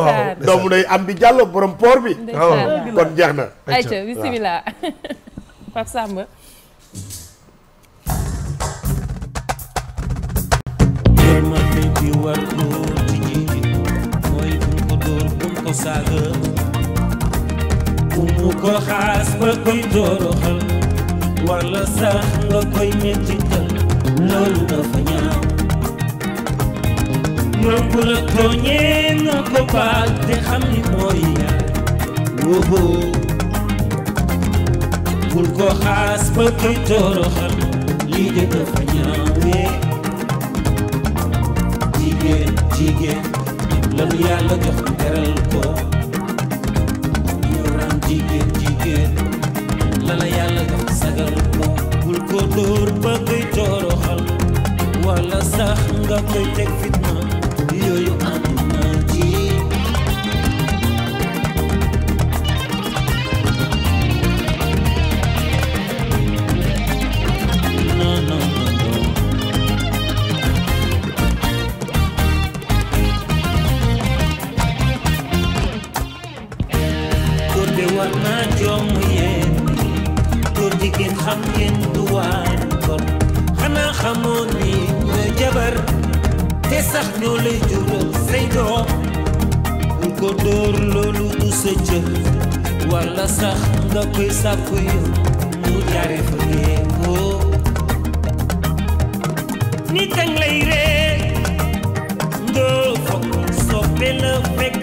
waaw doomu day am bi jàllo borom poor bi. kon jeex na. ayca bisimilah Pape Samba. saaga ku mu ko xaas ba koy doroxal wala sax nga koy mettital loolu dafa ñaaw moom bu la tooñee nga ko bul ko xaas ba koy toroxal lii de dafa ñaawee jigéen jigéen lanu yàlla jox ko ko ñu jigéen jigéen la la yàlla jox sagal ko ko dóor ba koy toroxal wala sax nga koy teg fitna war naa jomm yéen góor xam ngeen du waan kon xanaa xamoon ni la jabar te sax ñoo lay jural say doom bul ko dóor loolu du sa cër walla sax nga koy sàkku yow mu jaare fa ngeen ko nit dang lay ree nga foog soppe la fekk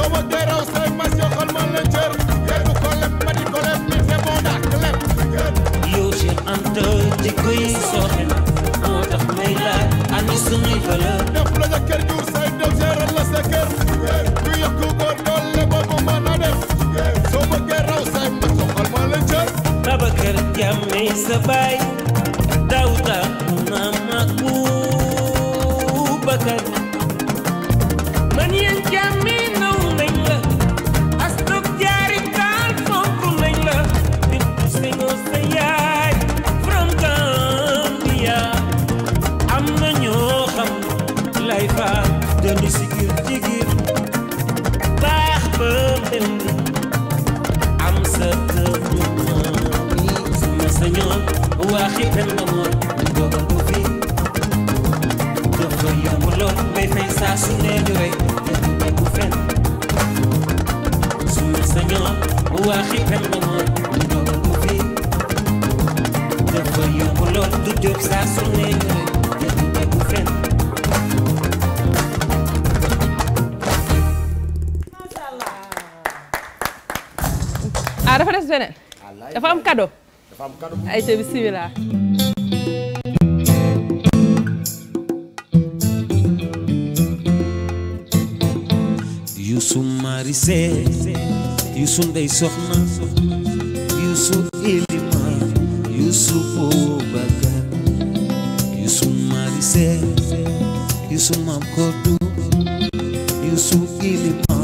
soo bëggee raw say mas yoo xool moom la cër lépp ko ma di ko mi c'est bon dak lépp yow Cheikh Anta jikko yi sooxe moo tax may laaj ani suñuy valeur def la sa kër jur say def géral la sa kër ku yokku góor doole boobu mën a def soo bëggee raw say mas yoo xool moom la cër Babacar Diame sa baay saa su ne ñu rey ñu nekku fenn su ma sañoon mu waxi ren ma moom ñu dogal ko fi dafa yomb lool du jóg saa su ne ñu rey ñu nekku fenn ah dafa des beneen dafa am cadeau dafa am cadeau ay bismillah Idri Sey Youssou Ndeye Soxna Youssou Elima Youssou Boubacar Youssou Mari Sey Youssou Mam Kodou Youssou Elima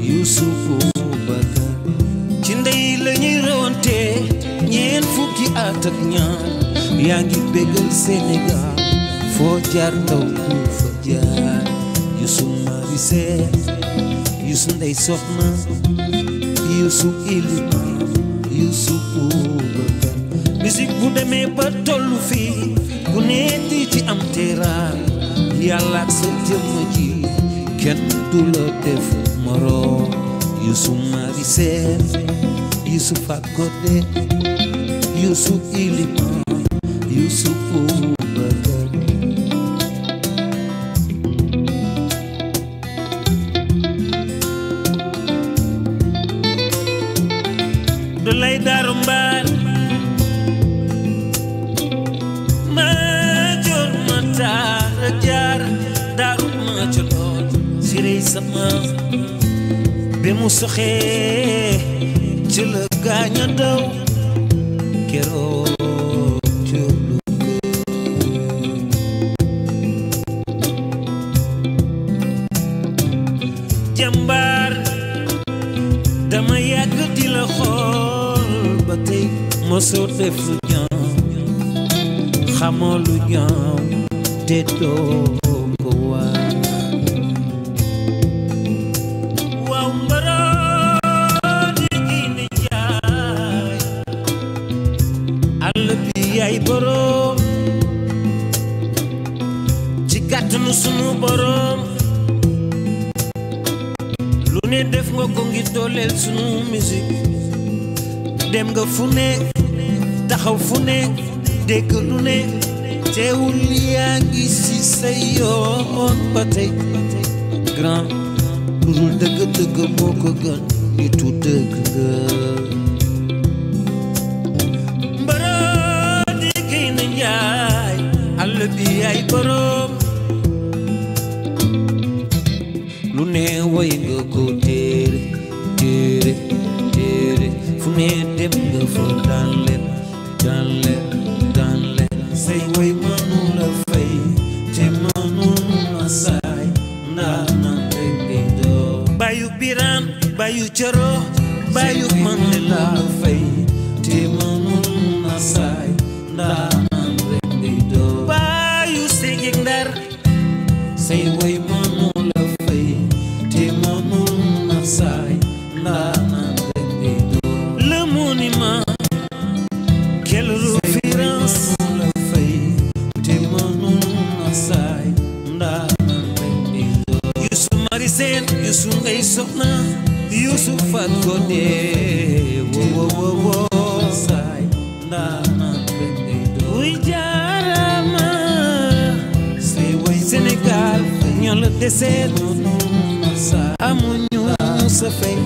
Youssou Boubacar ci ndey la ñuy rawante ñeent fukki at ak ñaar yaa ngi bégal Sénégal foo jaar ku fa jaar Youssou Mari Youssou Ndey Soxna Youssou Iliman Youssou Boubacar musique bu demee ba tollu fii ku nekk ci am teral yàlla ak sa jëmm ji kenn du la def moroom Youssou Mari Seen Youssou Fakode Youssou Iliman Youssou Boubacar sama bi mu soxee ci la gaañ a daw keroog jàmbaar dama yàgg di la xool ba tey mosoo def lu ñaaw xamoo lu ñaaw te doo kàttanu sunu borom lu ne def nga ko ngir dooleel sunu musique dem nga fu ne taxaw fu ne dégg lu ne teewul yaa ngi si sa yoon ba tey grand lu dul dëgg moo ko gën nitu dëgg nga bi ay borom ne way nga ko téere téere téere fu ne dem nga fa daan leen daan leen daan leen say way mënu la fay te mënu la saay ndaa nan rek ngay doo bayu biran bayu coro bayu man la sungay soxna Yuusufat ko dee wo wo wo saay ndaana rek ngay doon wuy jaarama say way Sénégal ñoo la desee noonu sa fay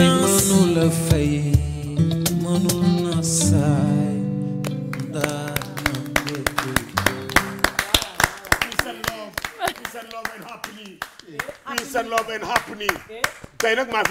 tey mënu la fay mënu na saay daan na déglu. peace and love and happily. peace and love and happily. tey nag maa fi